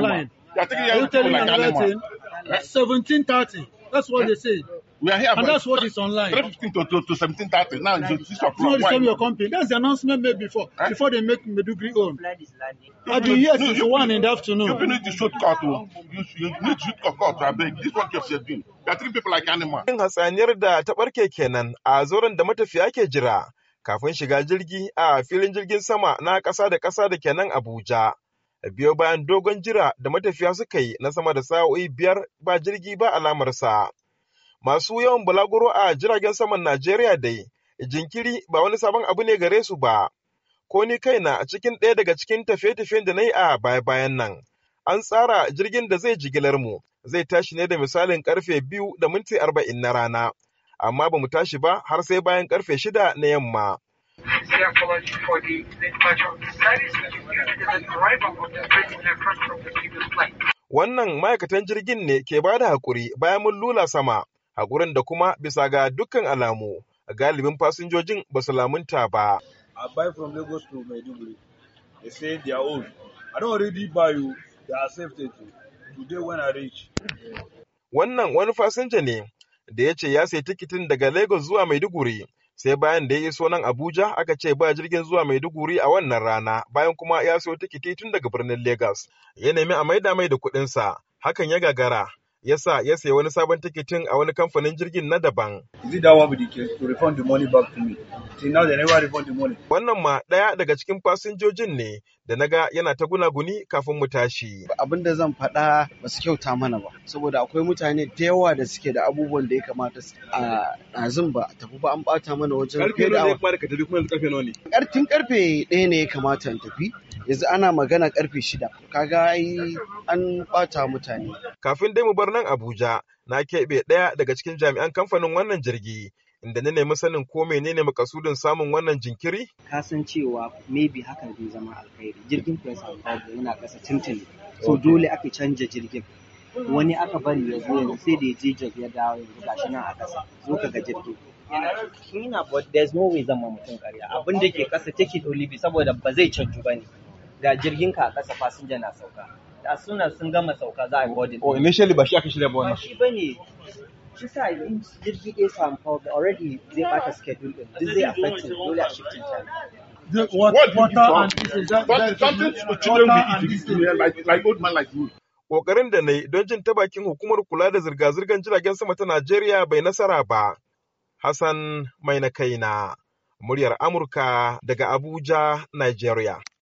online. online. They you telling like Seventeen thirty. That's what they say. We are here. And that's what is online. Three fifteen to, to, to seventeen thirty. Now your company. That's the announcement made before. Eh? Before they make Medugri own. I've been here since one in the afternoon. You need cut. Oh. You, you need cut. I beg. This one doing. are people like animal. hasaniyar da ta barke kenan a zoron da matafiya ke jira kafin shiga jirgi a filin jirgin sama na ƙasa da kasa da kenan Abuja. biyo bayan dogon jira da matafiya suka yi na sama da sa'o'i biyar ba jirgi ba alamarsa. Masu yawan bulaguro a jiragen saman Najeriya dai, jinkiri ba wani sabon abu ne gare su ba. Ko ni kaina a cikin ɗaya daga cikin tafiye-tafiyen da na yi a baya-bayan nan. An tsara jirgin da zai jigilar mu, zai tashi ne da misalin karfe biyu da minti arba'in na rana. Amma ba mu tashi ba har sai bayan karfe shida na yamma. Wannan ma'aikatan jirgin ne ke ba da haƙuri bayan mun lula sama, haƙurin da kuma bisa ga dukkan alamu galibin fasinjojin ba su lamunta ba. I Wannan wani fasinja ne da ya ce ya sayi tikitin daga Legas zuwa Maiduguri sai bayan da ya iso nan Abuja aka ce ba jirgin zuwa Maiduguri a wannan rana bayan kuma ya siyo tikiti tun daga birnin Legas. Ya nemi a maida mai da kuɗinsa hakan ya gagara ya sa ya sayi wani sabon tikitin a wani kamfanin jirgin na daban. Wannan ma ɗaya daga cikin fasinjojin ne da na ga yana ta gunaguni kafin mu tashi. Abin da zan faɗa ba su kyauta mana ba, saboda akwai mutane da yawa da suke da abubuwan da ya kamata a ɗazin ba tafi ba an ɓata mana wajen fiye da awa. Karfe ne ya kuma da karfe nawa ne? Karfin karfe ɗaya ne ya kamata in tafi, yanzu ana magana karfe shida kaga ai an bata mutane kafin dai mu bar nan abuja na keɓe ɗaya daga cikin jami'an kamfanin wannan jirgi inda na nemi sanin ko menene makasudin samun wannan jinkiri ka san cewa maybe hakan zai zama alkhairi jirgin ku ya samu babu yana ƙasa tintini so dole aka canja jirgin wani aka bari ya zo yanzu sai da ya je ya dawo yanzu gashi nan a ƙasa zo ka ga jirgin yana but there's no way zama mutum ƙarya abin da ke kasa take bi saboda ba zai canju ba ne ga jirgin ka a ƙasa fasinja na sauka da suna sun gama sauka za a yi boarding oh initially ba shi aka shirya ba wannan ba shi bane shi sa in jirgi ɗaya da already zai bata schedule din din zai affect dole a shifting time the water, water and this is that, but something to children will eat like, like old man like you. Ƙoƙarin da na yi don jin ta bakin hukumar kula da zirga-zirgar jiragen sama ta Najeriya bai nasara ba. Hassan mai na kaina, muryar Amurka daga Abuja, Najeriya.